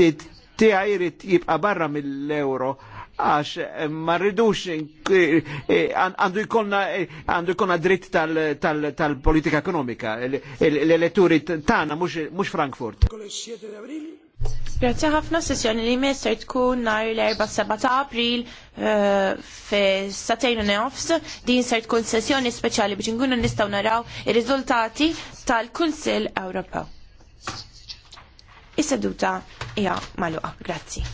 tiegħi jrid jibqa' barra mill-euro għax eh, ma rridux eh, eh, għandu jkollna dritt tal-politika ekonomika l eletturi tagħna mhux Frankfurt. Grazie ħafna sessjoni li mister tkun nar l-4 ta' april fi satejn u nofs din ser tkun sessjoni speċjali biex nkunu nistgħu naraw ir-riżultati tal-Kunsill Ewropew. Is-seduta hija magħluqa. Grazzi.